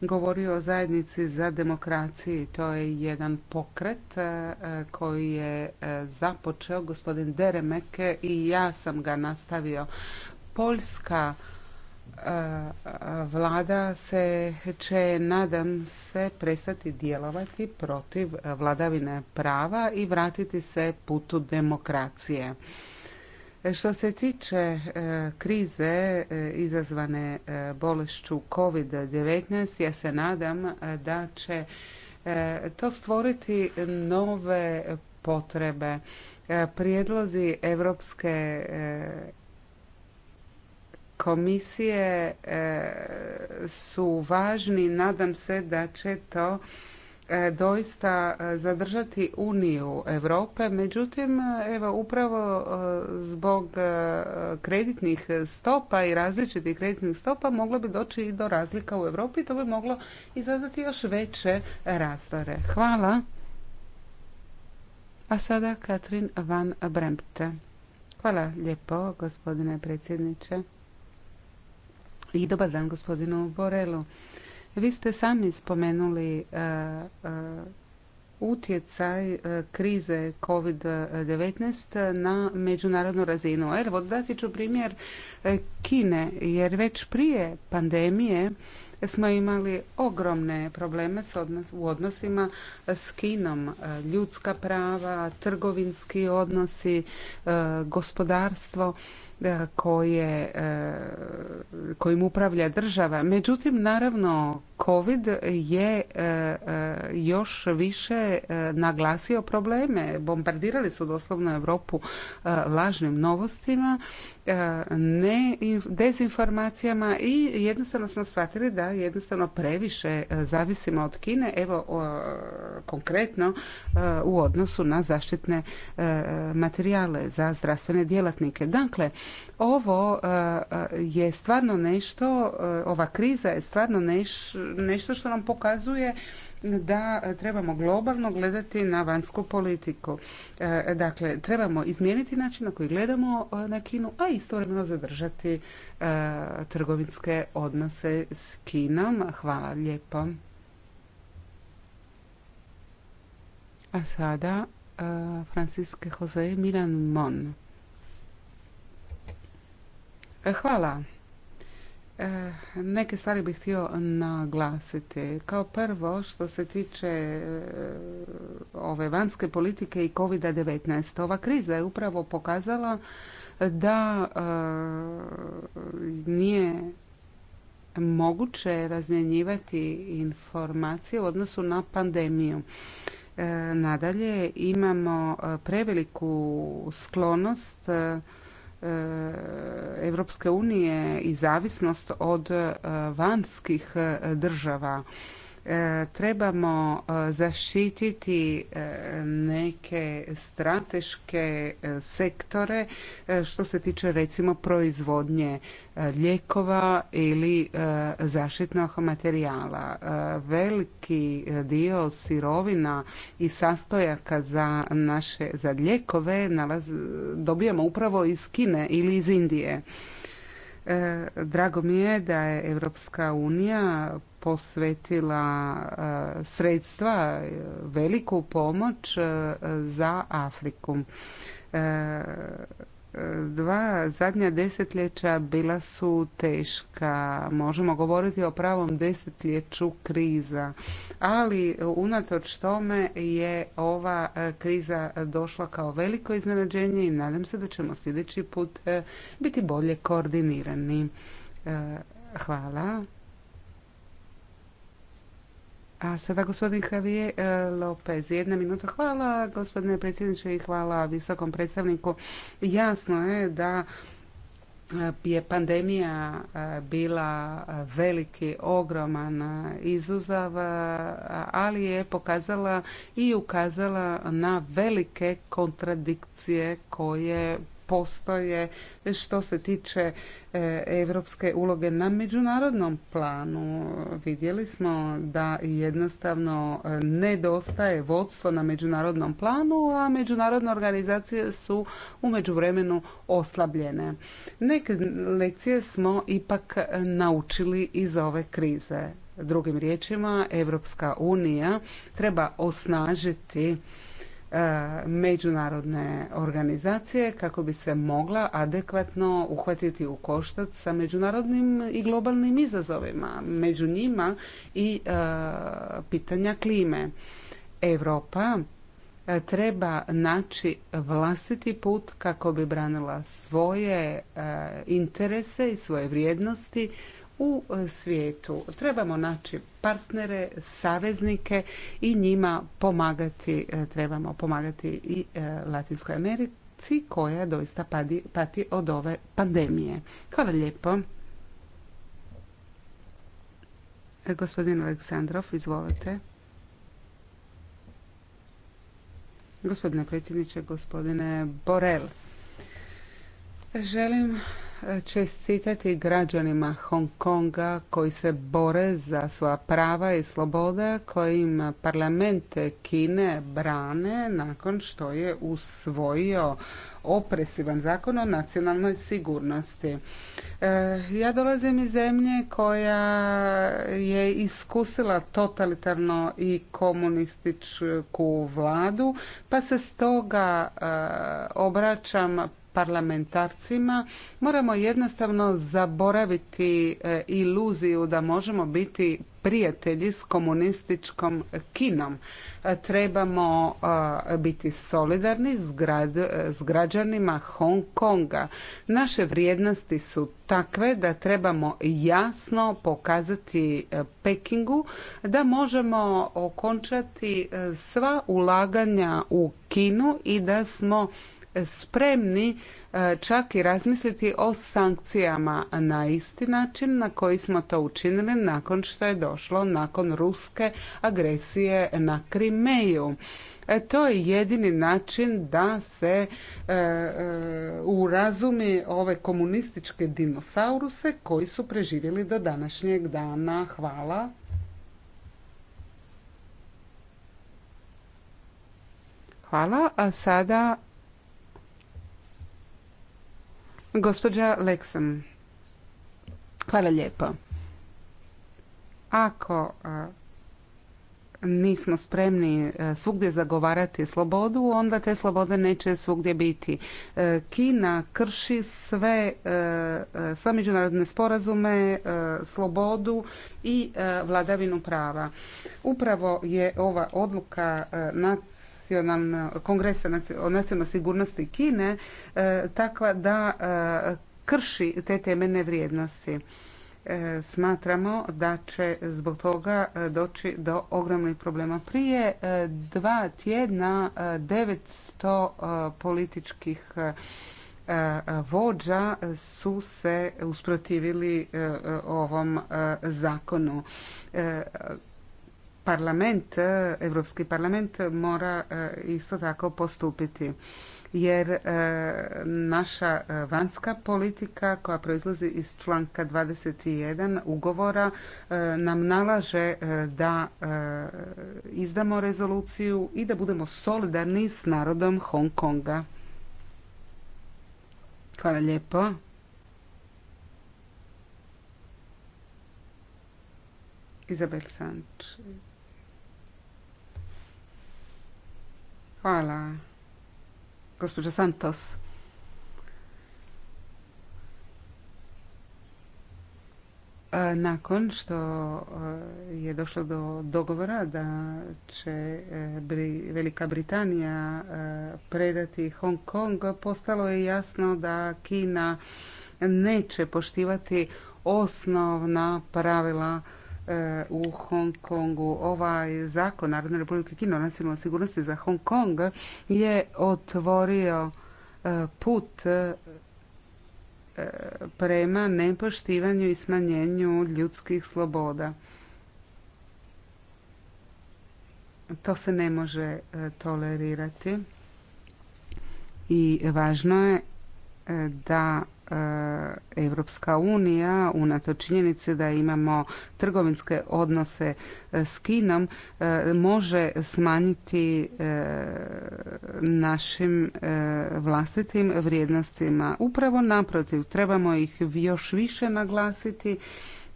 govorio o zajednici za demokraciju. To je jedan pokret e, koji je e, započeo gospodin Deremeke i ja sam ga nastavio. Poljska vlada se će, nadam se, prestati djelovati protiv vladavine prava i vratiti se putu demokracije. E, što se tiče e, krize e, izazvane bolešću COVID-19, ja se nadam da će to stvoriti nove potrebe. Prijedlozi Europske komisije e, su važni. Nadam se da će to e, doista e, zadržati Uniju Europe. Međutim, evo upravo zbog kreditnih stopa i različitih kreditnih stopa moglo bi doći i do razlika u Europi i to bi moglo izazvati još veće razdore. Hvala. A sada Katrin van Brempte. Hvala lijepo, gospodine predsjedniče i dobar dan gospodinu Borelu. Vi ste sami spomenuli e, e, utjecaj e, krize COVID-19 na međunarodnu razinu. Evo, dati ću primjer Kine, jer već prije pandemije smo imali ogromne probleme u odnosima s Kinom. Ljudska prava, trgovinski odnosi, gospodarstvo. E, koje, e, kojim upravlja država. Međutim, naravno, COVID je e, e, još više e, naglasio probleme. Bombardirali su doslovno Europu lažnim novostima, ne dezinformacijama i jednostavno smo shvatili da jednostavno previše zavisimo od Kine, evo konkretno u odnosu na zaštitne materijale za zdravstvene djelatnike. Dakle, ovo e, e, je stvarno nešto, e, ova kriza je stvarno nešto što nam pokazuje da trebamo globalno gledati na vanjsku politiku. Dakle, trebamo izmijeniti način na koji gledamo na Kinu, a istovremeno zadržati trgovinske odnose s Kinom. Hvala lijepo. A sada Franciske Jose Milan Mon. E, hvala. E, neke stvari bih htio naglasiti. Kao prvo što se tiče e, ove vanjske politike i COVID-19. Ova kriza je upravo pokazala da nije moguće razmjenjivati informacije u odnosu na pandemiju. Nadalje imamo preveliku sklonost Europske eh, unije i zavisnost od eh, vanjskih eh, država E, trebamo e, zaštititi e, neke strateške sektore što se tiče recimo proizvodnje lijekova ili zaštitnog materijala. Veliki dio sirovina i sastojaka za naše za lijekove dobijamo upravo iz Kine ili iz Indije. E, drago mi je da je Europska unija posvetila e, sredstva, e, veliku pomoć za Afriku dva zadnja desetljeća bila su teška. Možemo govoriti o pravom desetljeću kriza, ali unatoč tome je ova e, kriza došla kao veliko iznenađenje i nadam se da ćemo sljedeći put e, biti bolje koordinirani. E, hvala. A sada gospodin Javier eh, Lopez, jedna minuta. Hvala gospodine predsjedniče i hvala visokom predstavniku. Jasno je da eh, je pandemija eh, bila veliki, ogroman izuzav, ali je pokazala i ukazala na velike kontradikcije koje postoje što se tiče europske uloge na međunarodnom planu. Vidjeli smo da jednostavno e, nedostaje vodstvo na međunarodnom planu, a međunarodne organizacije su u vremenu oslabljene. Neke lekcije smo ipak naučili iz ove krize. Drugim riječima, Evropska unija treba osnažiti E, međunarodne organizacije kako bi se mogla adekvatno uhvatiti u koštac sa međunarodnim i globalnim izazovima, među njima i e, pitanja klime. Europa e, treba naći vlastiti put kako bi branila svoje interese i svoje vrijednosti u e, svijetu. Trebamo naći partnere, saveznike i njima pomagati, e, trebamo pomagati i e, Latinskoj Americi koja doista pati, od ove pandemije. Hvala lijepo. Gospodin Aleksandrov, izvolite. Gospodine predsjedniče, gospodine Borel. Želim čestitati građanima Hong Konga koji se bore za svoja prava i slobode kojim parlamente Kine brane nakon što je usvojio opresivan zakon o nacionalnoj sigurnosti. E, ja dolazim iz zemlje koja je iskusila totalitarno i komunističku vladu, pa se stoga e, obraćam parlamentarcima moramo jednostavno zaboraviti e, iluziju da možemo biti prijatelji s komunističkom Kinom. E, trebamo biti solidarni e, s građanima Hong Konga. Naše vrijednosti su takve da trebamo jasno pokazati Pekingu da možemo okončati sva ulaganja u Kinu i da smo spremni e, čak i razmisliti o sankcijama na isti način na koji smo to učinili nakon što je došlo nakon ruske agresije na Krimeju. E, to je jedini način da se e, e, urazumi ove komunističke dinosauruse koji su preživjeli do današnjeg dana. Hvala. Hvala, a sada Gospođa Leksam, hvala lijepo. Ako nismo spremni e, svugdje zagovarati slobodu, onda te slobode neće svugdje biti. E, Kina krši sve, e, sve međunarodne sporazume, slobodu i vladavinu prava. Upravo je ova odluka nad kongresa o nacionalnoj sigurnosti Kine e, takva da e, krši te temeljne vrijednosti. E, smatramo da će zbog toga doći do ogromnih problema. Prije dva tjedna 900 političkih vođa su se usprotivili ovom zakonu parlament, Europski parlament mora e, isto tako postupiti jer e, naša e, vanjska politika koja proizlazi iz članka 21 ugovora nam nalaže da izdamo rezoluciju i da budemo solidarni s narodom Hong Konga. Hvala lijepo. Izabel Hvala. Gospođa Santos. E, nakon što e, je došlo do dogovora da će e, Velika Britanija predati Hong Kong, postalo je jasno da Kina neće poštivati osnovna pravila u Hong Kongu. Ovaj zakon Narodne republike Kino o nacionalnoj sigurnosti za Hong Kong je otvorio e, put e, prema nepoštivanju i smanjenju ljudskih sloboda. To se ne može e, tolerirati i važno je da Europska unija, unatoč činjenici da imamo trgovinske odnose e, s Kinom, e, može smanjiti e, našim vlastitim vrijednostima. Upravo naprotiv, trebamo ih još više naglasiti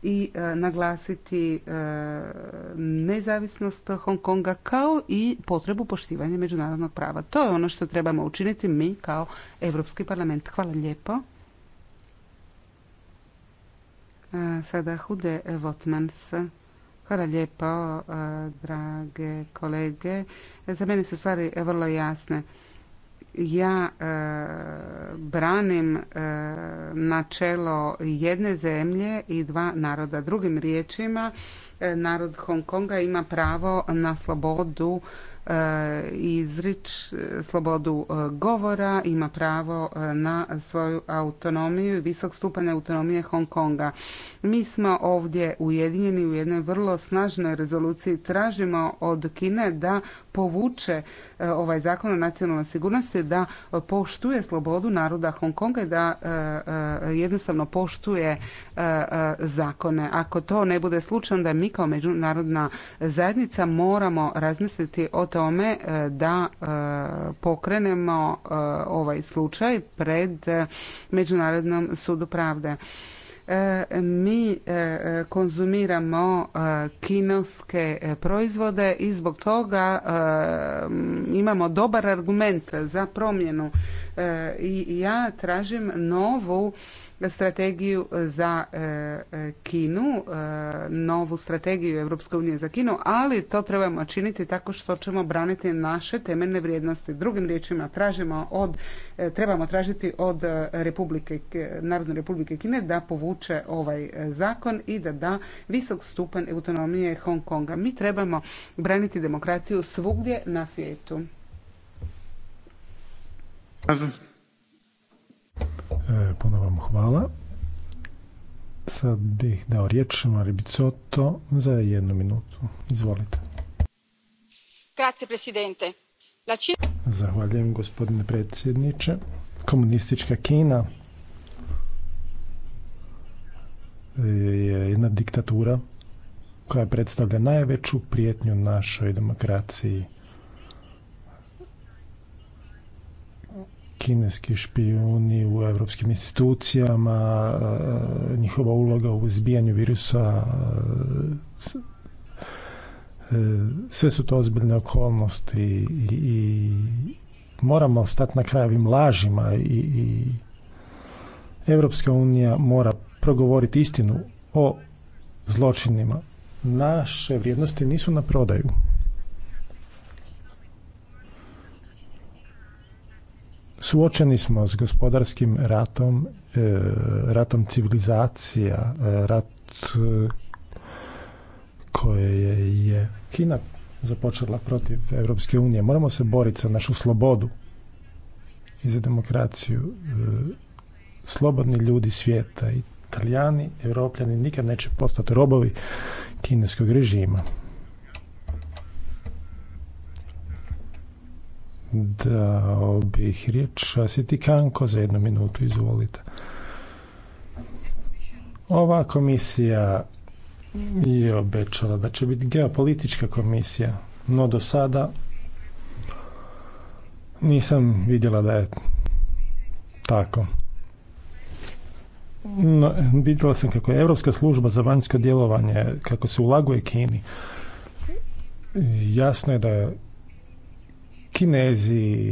i naglasiti nezavisnost Hong Konga kao i potrebu poštivanja međunarodnog prava. To je ono što trebamo učiniti mi kao Europski parlament. Hvala lijepo. Sada Hude Votmans. Hvala lijepo, drage kolege. Za mene su stvari vrlo jasne. Ja e, branim e, načelo jedne zemlje i dva naroda. Drugim riječima, e, narod Hongkonga ima pravo na slobodu Eh, izrič eh, slobodu eh, govora, ima pravo na svoju autonomiju i visok stupanj autonomije Hong Konga. Mi smo ovdje ujedinjeni u jednoj vrlo snažnoj rezoluciji. Tražimo od Kine da povuče ovaj zakon o nacionalnoj sigurnosti, da poštuje slobodu naroda Hong Konga i da jednostavno poštuje zakone. Ako to ne bude slučaj, da mi kao međunarodna zajednica moramo razmisliti o tome e, da e, pokrenemo e, ovaj slučaj pred Međunarodnom sudu pravde. Mi konzumiramo kinoske proizvode i zbog toga imamo dobar argument za promjenu i ja tražim novu strategiju za e, e, Kinu, e, novu strategiju Europske unije za Kinu, ali to trebamo činiti tako što ćemo braniti naše temeljne vrijednosti. Drugim riječima tražimo od, trebamo tražiti od Republike, Narodne Republike Kine da povuče ovaj zakon i da da visok stupanj autonomije Hong Konga. Mi trebamo braniti demokraciju svugdje na svijetu. E, puno vam hvala. Sad bih dao riječ Mari Bicotto za jednu minutu. Izvolite. Grazie, presidente. La Cina... Zahvaljujem, gospodine predsjedniče. Komunistička Kina je jedna diktatura koja predstavlja najveću prijetnju našoj demokraciji – kineski špijuni u europskim institucijama, eh, njihova uloga u izbijanju virusa, eh, sve su to ozbiljne okolnosti i, moramo stati na kraj ovim lažima i, i Evropska unija mora progovoriti istinu o zločinima. Naše vrijednosti nisu na prodaju. Suočeni smo s gospodarskim ratom, e, ratom civilizacija, e, rat e, koje je Kina započela protiv Europske unije. Moramo se boriti za našu slobodu i za demokraciju. Slobodni ljudi svijeta, Italijani, Europljani nikad neće postati robovi kineskog režima. da bih riječ Siti Kanko za jednu minutu, izvolite. Ova komisija je obećala da će biti geopolitička komisija, no do sada nisam vidjela da je tako. No, vidjela sam kako je Europska služba za vanjsko djelovanje, kako se ulaguje Kini. Jasno je da je Kinezi,